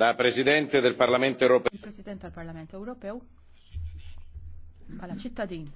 da Presidente del Parlamento Europeo. il Presidente del Parlamento Europeo, bħala ċittadin